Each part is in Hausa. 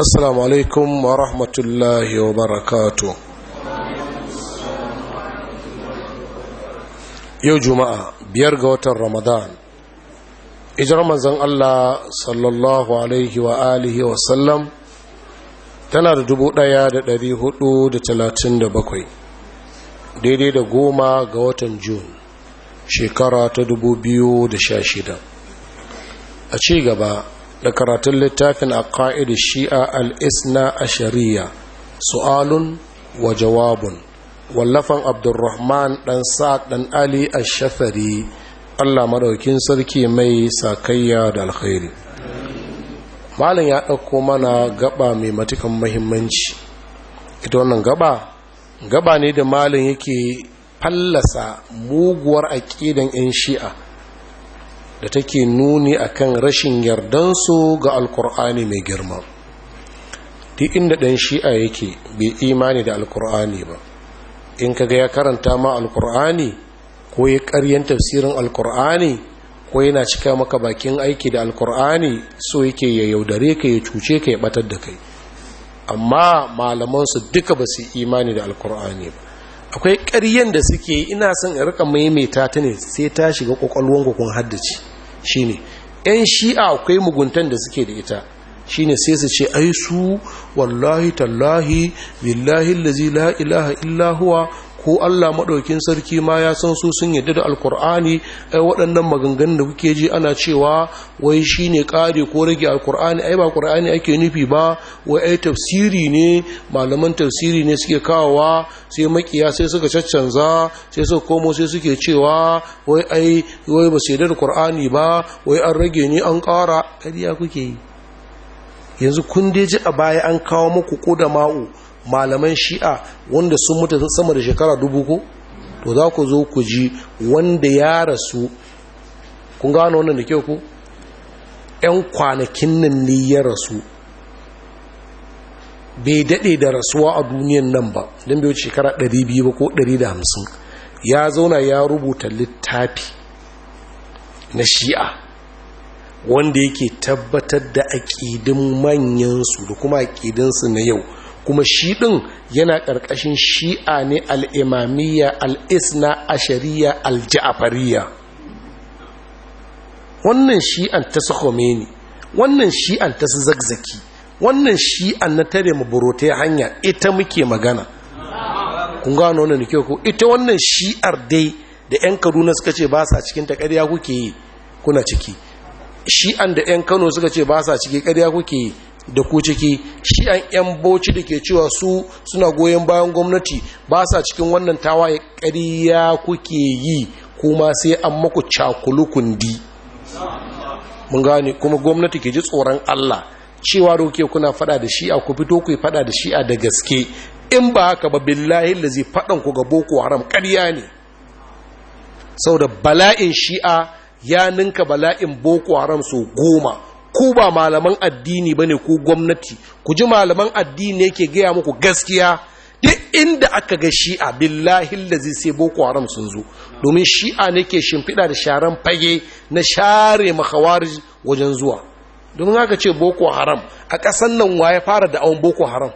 assalamu alaikum wa rahmatullahi wa barakatu yau juma'a biyar ga watan ramadan ijar manzan allah sallallahu alaihi wa wa sallam tana da dubu ɗaya da ɗari hudu da talatin da bakwai daidai da goma ga watan Jun shekara ta dubu biyu da sha shida a ci gaba da karatun littafin a ka'idu shi'a al'isna a shari'a su'alun wa jawabun wallafan abdurrahman ɗan sa'ad ɗan ali a shafari allah maɗaukin sarki mai sakayya da alkhairi malin ya ɗauko mana gaba mai matukan mahimmanci ita wannan gaba gaba ne da malin yake fallasa muguwar aƙidan 'yan shi'a da take nuni a kan rashin yardansu ga alkur'ani mai girma duk inda ɗan shi'a yake bai imani da alkur'ani ba in kaga ya karanta ma alkur'ani ko ya karyan tafsirin alkur'ani ko yana cika maka bakin aiki da alkur'ani so yake ya yaudare ka ya cuce ka ya batar da kai amma malamansu duka ba su imani da alkur'ani ba akwai ƙaryen da suke ina son in rika maimaita ta ne sai ta shiga ƙwaƙwalwanku kun haddace ne yan shi'a akwai muguntan da suke da ita shine sai su ce ai su wallahi tallahi billahi lazi la ilaha illa ko Allah maɗaukin sarki ma ya san su sun yadda da alkur'ani ai waɗannan maganganun da kuke ji ana cewa wai shine kare ko rage alkur'ani ai ba ƙur'ani ake nufi ba wai ai tafsiri ne malaman tafsiri ne suke kawowa sai makiya sai suka caccanza sai suka komo sai suke cewa wai ai wai ba sai da alkur'ani ba wai an rage ni an ƙara ƙarya kuke yi yanzu kun dai ji a baya an kawo muku ko da ma'u malaman shi'a wanda sun mutu sama da shekara dubu ko to za ku zo ku ji wanda ya rasu kun gano wannan da kyau ku ‘yan kwanakin nan ne ya rasu bai daɗe da rasuwa a duniyan nan ba don bai shekara 200 ko 150 ya zauna ya rubuta littafi na shi'a wanda yake tabbatar da aƙidin manyansu da kuma aƙidinsu na yau kuma shi ɗin yana ƙarƙashin shi'a ne al'imamiyya al'isna ashariya alja'afariya wannan shi'an ta su khomeini wannan shi'an ta su zagzaki wannan shi'an na tare maburote hanya ita muke magana kun gano wannan nake ko ita wannan shi'ar dai da 'yan kaduna suka ce ba sa cikin kuke yi kuna ciki shi'an da 'yan kano suka ce ba sa ciki karya kuke yi da ku ciki shi an 'yan bauchi da ke cewa su suna goyon bayan gwamnati ba sa cikin wannan tawaye ƙarya kuke yi kuma sai an maku cakulu kundi. mun gane kuma gwamnati ke ji tsoron allah cewa da kuke kuna fada da shi'a ku fito ku fada da shi'a da gaske in ba haka ba billahi da zai fadan ku ga boko haram ƙarya ne sau da bala'in shi'a ya ninka bala'in boko haram sau goma ku ba malaman addini ba ne, ku gwamnati ku ji malaman addini yake gaya muku gaskiya duk inda aka ga shi'a billahi lazi sai boko haram sun zo domin shi'a ne ke shimfiɗa da sharan fage na share makawarij wajen zuwa domin haka ce boko haram a ƙasan nan wa ya fara da awon boko haram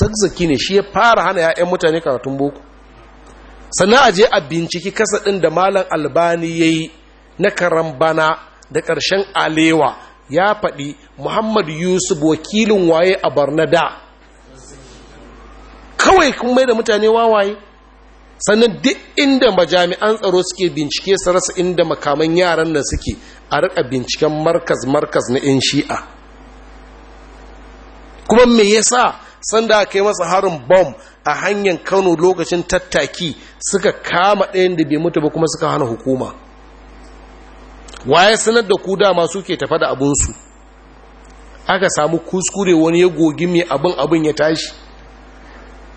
zazzaki ne shi ya fara hana ya'yan mutane karatun boko sannan a je a binciki kasa ɗin da malam albani ya yi na karan bana da ƙarshen alewa ya faɗi muhammad yusuf wakilin waye a da? kawai kun mai da mutane wawaye sannan duk inda majami'an tsaro suke bincike su rasa inda makaman yaran nan suke a rika binciken markas-markas na 'yan shi'a kuma me yasa sanda a yi masa harin bom a hanyar kano lokacin tattaki suka kama ɗayan da bai mutu ba kuma suka hana hukuma waye sanar da ku dama suke tafa da abinsu aka samu kuskure wani ya gogi mai abin abin ya tashi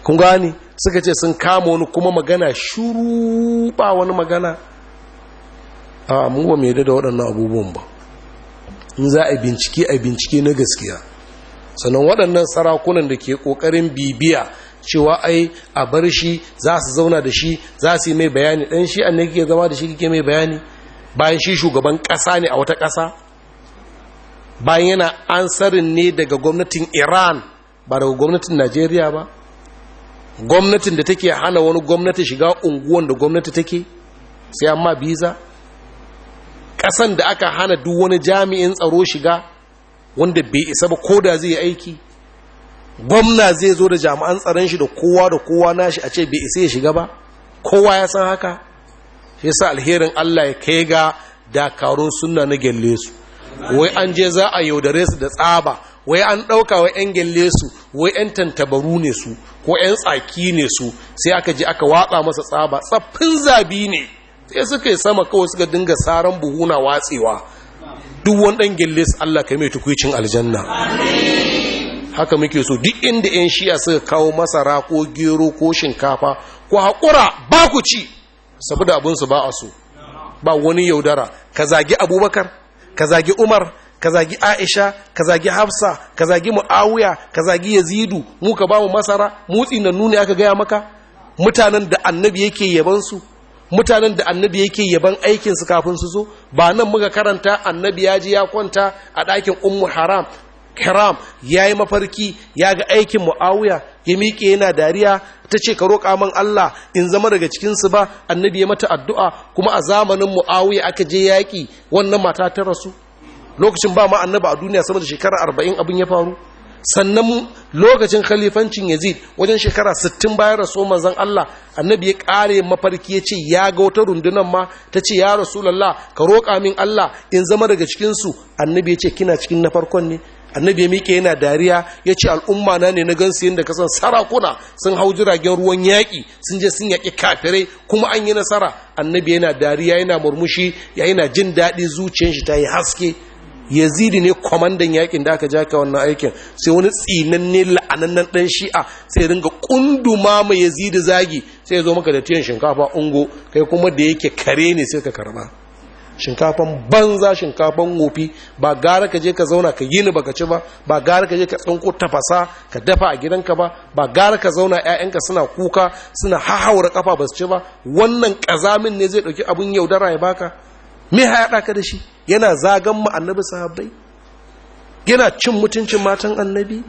kun gani suka ce sun kama wani kuma magana shuru ba wani magana a mu ba mai da waɗannan abubuwan ba in za a bincike a bincike na gaskiya sannan waɗannan sarakunan da ke ƙoƙarin bibiya cewa ai a bar shi za su zauna da shi za su yi mai bayani ɗan shi an ne kike zama da shi kike mai bayani bayan shi shugaban ƙasa ne a wata ƙasa bayan yana ansarin ne daga gwamnatin iran ba daga gwamnatin najeriya ba gwamnatin da take hana wani gwamnati shiga unguwan da gwamnati take sai amma biza ƙasan da aka hana duk wani jami'in tsaro shiga wanda bai isa ba ko da zai aiki gwamna zai zo da jami'an tsaron shi da kowa da kowa nashi a ce bai isa ya shiga ba kowa ya san haka shi yasa alherin Allah ya kai ga dakarun sunna na gelle su wai an je za a yaudare su da tsaba wai an ɗauka wa 'yan gelle su wai 'yan tantabaru ne su ko 'yan tsaki ne su sai aka je aka watsa masa tsaba tsaffin zabi ne sai suka yi sama kawai suka dinga saran buhuna watsewa duk wani ɗan gelle su Allah ka mai tukwicin aljanna haka muke so duk inda 'yan shiya suka kawo masara ko gero ko shinkafa ko haƙura ba ku ci saboda abinsu ba a so ba wani yaudara ka zagi abubakar ka zagi umar ka zagi aisha ka zagi hafsa ka zagi mu'awiya ka zagi yazidu mu ka bamu masara mutsi na nuni aka gaya maka mutanen da annabi yake yaban mutanen da annabi yake yaban aikinsu kafin su zo ba nan muka karanta annabi ya ji ya kwanta a ɗakin ummu haram hiram ya yi mafarki ya ga aikin mu'awiya ya miƙe yana dariya ta ce ka roƙa man Allah in zama daga cikinsu ba annabi ya mata addu'a kuma a zamanin mu'awiya aka je yaƙi wannan mata ta rasu lokacin ba ma annabi a duniya sama da shekara arba'in abin ya faru sannan lokacin khalifancin yazid wajen shekara sittin bayan rasu manzan Allah annabi ya ƙare mafarki ya ce ya ga wata rundunar ma ta ce ya rasu lalla ka roƙa min Allah in zama daga cikinsu annabi ya ce kina cikin na farkon ne annabi ya miƙe yana dariya ya ce al'umma na ne na gansu yadda kasan sarakuna sun hau jiragen ruwan yaƙi sun je sun yaƙi kafirai kuma an yi nasara annabi yana dariya yana murmushi ya yana jin daɗi zuciyar shi ta yi haske yazidi ne kwamandan yaƙin da aka jaka wannan aikin sai wani tsinanne la'anannan ɗan shi'a sai ringa ƙunduma ma yazidi zagi sai ya zo maka da tiyan shinkafa ungo kai kuma da yake kare ne sai ka karba shinkafan banza shinkafan wofi ba gara ka je ka zauna ka yini baka ci ba ba gara ka je ka tsanko tafasa ka dafa a gidanka ba ba gara ka zauna ƴaƴanka suna kuka suna hahaura kafa ba su ci ba wannan kazamin ne zai dauki abun yaudara ya baka me ha ya ka da shi yana zagan mu annabi sahabbai yana cin mutuncin matan annabi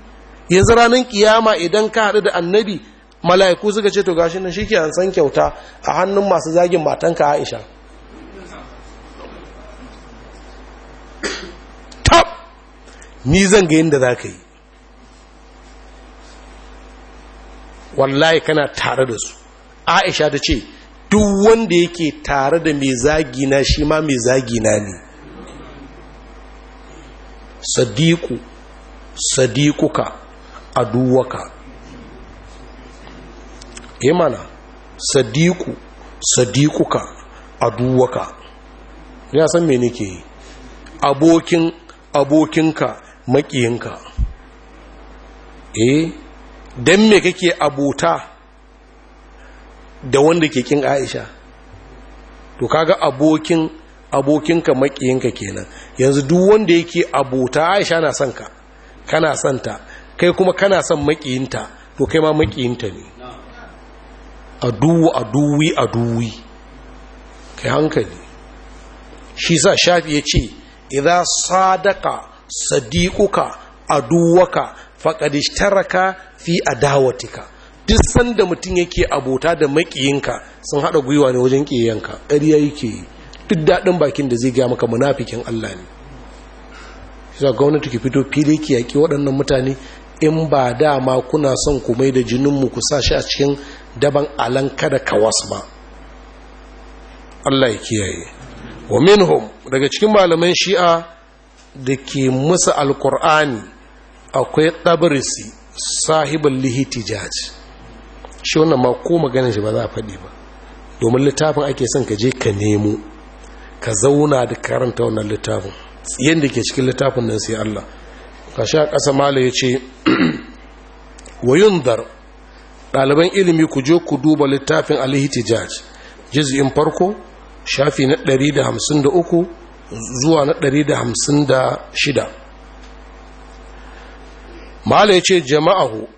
yanzu ranar ƙiyama idan ka haɗu da annabi mala'iku suka ce to gashi nan ke an san kyauta a hannun masu zagin matanka Aisha ni zan ga yadda za ka yi wallahi kana tare da su aisha ta ce duk wanda yake tare da mai zagina shi ma mai zagina ne sadiku sadikuka aduwaka eh mana sadiku sadikuka aduwaka ya san mai nake yi abokin abokinka maƙiyinka eh don me kake abota da wanda ke kin aisha to kaga abokin abokinka maƙiyinka kenan yanzu duk wanda yake abota aisha na son ka kana son ta kai kuma kana son maƙiyinta to kai ma maƙiyinta ne aduwu aduwi aduwi kai hankali shi sa shafi ya ce idan sadaka sadiquka aduwaka faqad ishtaraka fi adawatika duk sanda mutum yake abota da makiyinka sun haɗa gwiwa ne wajen kiyayenka ƙarya yake yi duk daɗin bakin da zai gaya maka munafikin Allah ne za gwamnati ki fito fili ki yaƙi waɗannan mutane in ba da dama kuna son ku mai da jininmu ku sa shi a cikin daban alan kada kawas ba Allah ya kiyaye wa minhum daga cikin malaman shi'a da ke musu alkur'ani akwai ɗabarisi sahibin lihiti jihaj shi wannan ma ko maganin shi ba za a faɗi ba domin littafin ake son ka je ka nemo ka zauna da karanta wannan littafin da ke cikin littafin nan sai Allah ka sha ƙasa mala ya ce wayun dar ɗaliban ilimi ku je ku duba littafin alihiti jihaj jiz'in farko shafi na 153 zuwa na 156 mala ya ce jama'ahu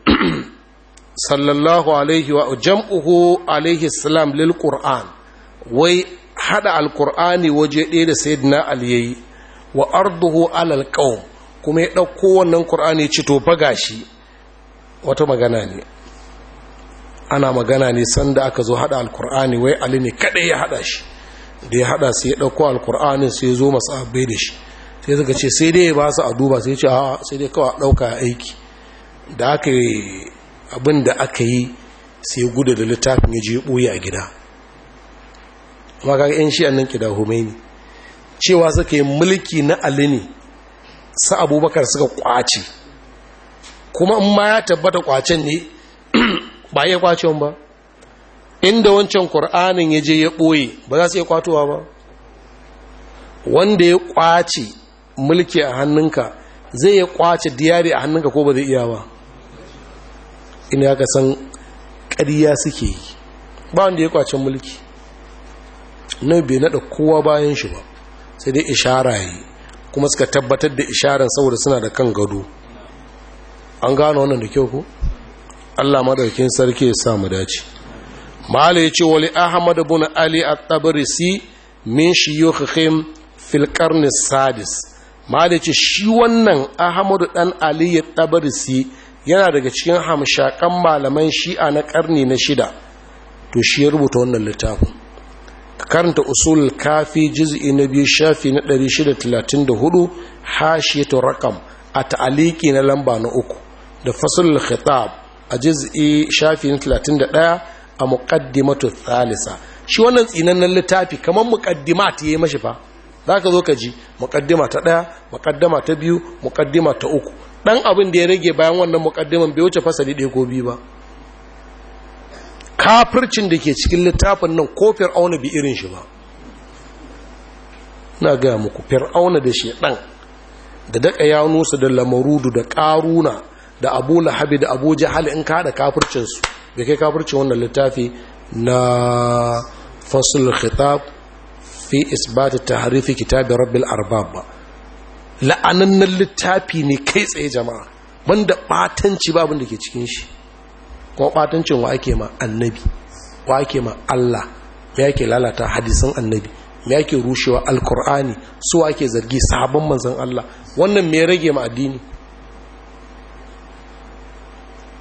sallallahu alaihi wa jam'uhu alaihi salam lil qur'an wai hada alqur'ani waje ɗaya da sayyidina ali yayi wa arduhu alal qaum kuma ya ɗauko wannan qur'ani ci to baga shi wata magana ne ana magana ne sanda aka zo hada alqur'ani wai ali ne kadai ya hada shi da ya hada sai ya dauko alkur'anin sai ya zo masahabai da shi sai suka ce sai dai ba su a duba sai ce a sai dai kawai dauka aiki da aka yi abin da aka yi sai gudu da littafin ya je boye a gida amma kaga yan shi annan kida humaini cewa suka yi mulki na alini ne sa Abubakar suka kwace kuma in ma ya tabbata kwacen ne ba ya kwacen ba inda wancan ƙur'anin ya je ya ɓoye ba za su iya kwatowa ba wanda ya ƙwace mulki a hannunka zai ya ƙwace diyari a hannunka ko ba zai iya ba ina ya san ƙariya suke yi ba wanda ya ƙwace mulki na bai naɗa kowa bayan shi ba sai dai ishara yi kuma suka tabbatar da isharar saboda suna da kan gado an gano wannan da kyau ko allah maɗaukin sarki ya samu dace mala ya ce wali ahmad bin ali a tabrisi min shiyukhihim fil qarni sadis mala ya ce shi wannan ahmad dan ali at-tabrisi yana daga cikin hamshakan malaman shi'a na karni na shida to shi ya rubuta wannan littafin ka karanta usul kafi juz'i na biyu shafi na 634 hashiyatu rakam a ta'aliki na lamba na uku da fasul khitab a juz'i shafi na 31 a muƙaddimatu thalisa shi wannan tsinannen littafi kamar muƙaddima ta yi mashi fa ka zo ka ji muƙaddima ta ɗaya muqaddima ta biyu muƙaddima ta uku Ɗan abin da ya rage bayan wannan muƙaddiman bai wuce fasali ɗaya ko biyu ba kafircin da ke cikin littafin nan ko fir'auna bi irin shi ba na gaya muku fir'auna da shi ɗan, da daka yanusa da lamarudu da ƙaruna. da abu lahabi da abu hali in ka da kafircinsu da kai kafircin wannan littafi na fasul khitab fi isbat tahrifi kitabi rabbil arbab ba la'anannan littafi ne kai tsaye jama'a banda batanci babin da ke cikin shi ko batancin wa ake ma annabi wa ake ma Allah me yake lalata hadisan annabi me yake rushewa alkur'ani su wa ke zargi sabon manzon Allah wannan me rage ma addini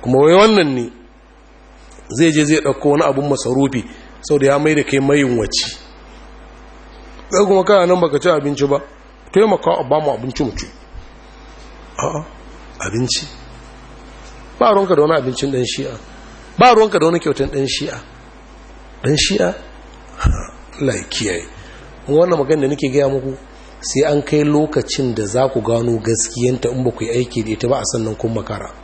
kuma wai wannan ne zai je zai ɗauko wani abin masarufi sau da ya mai da kai mayin wace ɗan kuma kana nan baka ci abinci ba taimaka a ba mu abinci mutu a'a abinci ba ruwanka da wani abincin ɗan shi'a ba ruwanka da wani kyautan ɗan shi'a ɗan shi'a laikiyai wannan magana da nake gaya muku sai an kai lokacin da za ku gano gaskiyanta in ba ku yi aiki da ita ba a sannan kun makara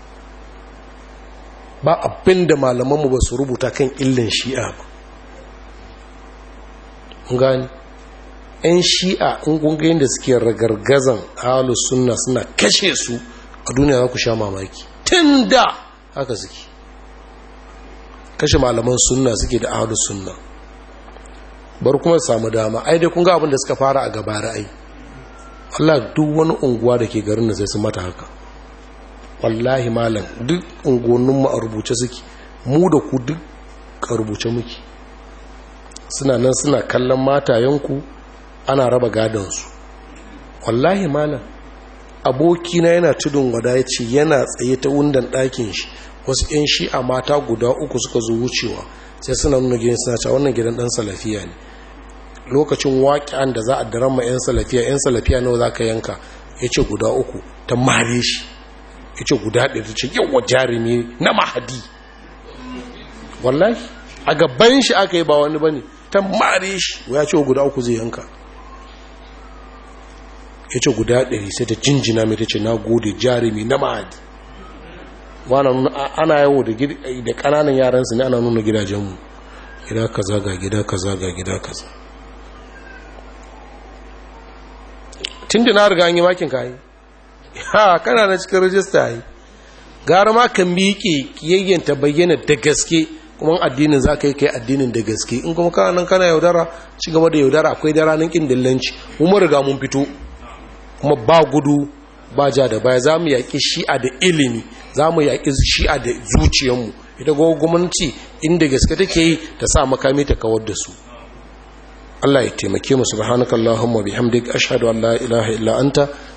ba abinda da malamanmu ba su rubuta kan illin shi'a ba gani 'yan shi'a in kungayen da suke ragargazan halus sunna suna kashe su a duniya za ku sha mamaki tun da haka suke kashe malaman sunna suke da halus sunna bar kuma samu dama ai dai kun ga abin da suka fara a gaba ra'ayi Allah duk wani unguwa da ke garin da sai sun mata haka wallahi malam duk unguwanninmu a rubuce suke mu da ku duk a rubuce muke suna nan suna kallon matayenku ana raba gadonsu wallahi malam abokina yana tudun wada ya ce yana tsaye ta wundan ɗakin shi wasu 'yan shi a mata guda uku suka zo wucewa sai suna nuna gidan suna cewa wannan gidan ɗan salafiya ne lokacin waƙi'an da za a daren ma 'yan salafiya 'yan salafiya nawa za ka yanka ya ce guda uku ta mare shi ya ce guda ɗaya ta ce yawa jarumi na mahadi wallahi a gaban shi aka yi ba wani ba ne ta mare shi ya ce guda uku zai yanka ya ce guda ɗari sai ta jinjina mai ta ce na gode jarumi na mahadi ana yawo da ƙananan yaransu ne ana nuna gidajenmu gida kaza ga gida kaza ga gida kaza tun da na riga an yi makin kayi ha kana na cikin rajista yi gara ma kan miƙe kiyayyanta bayyana da gaske kuma addinin za ka yi kai addinin da gaske in kuma kana nan kana yaudara ci gaba da yaudara akwai da ranar ƙin dillanci mun riga mun fito kuma ba gudu ba ja da baya za mu yaƙi shi'a da ilimi za mu yaƙi shi'a da zuciyarmu ita gwamnati inda gaske take yi ta sa makami ta kawar da su Allah ya taimake mu subhanakallahumma bihamdik ashhadu an la ilaha illa anta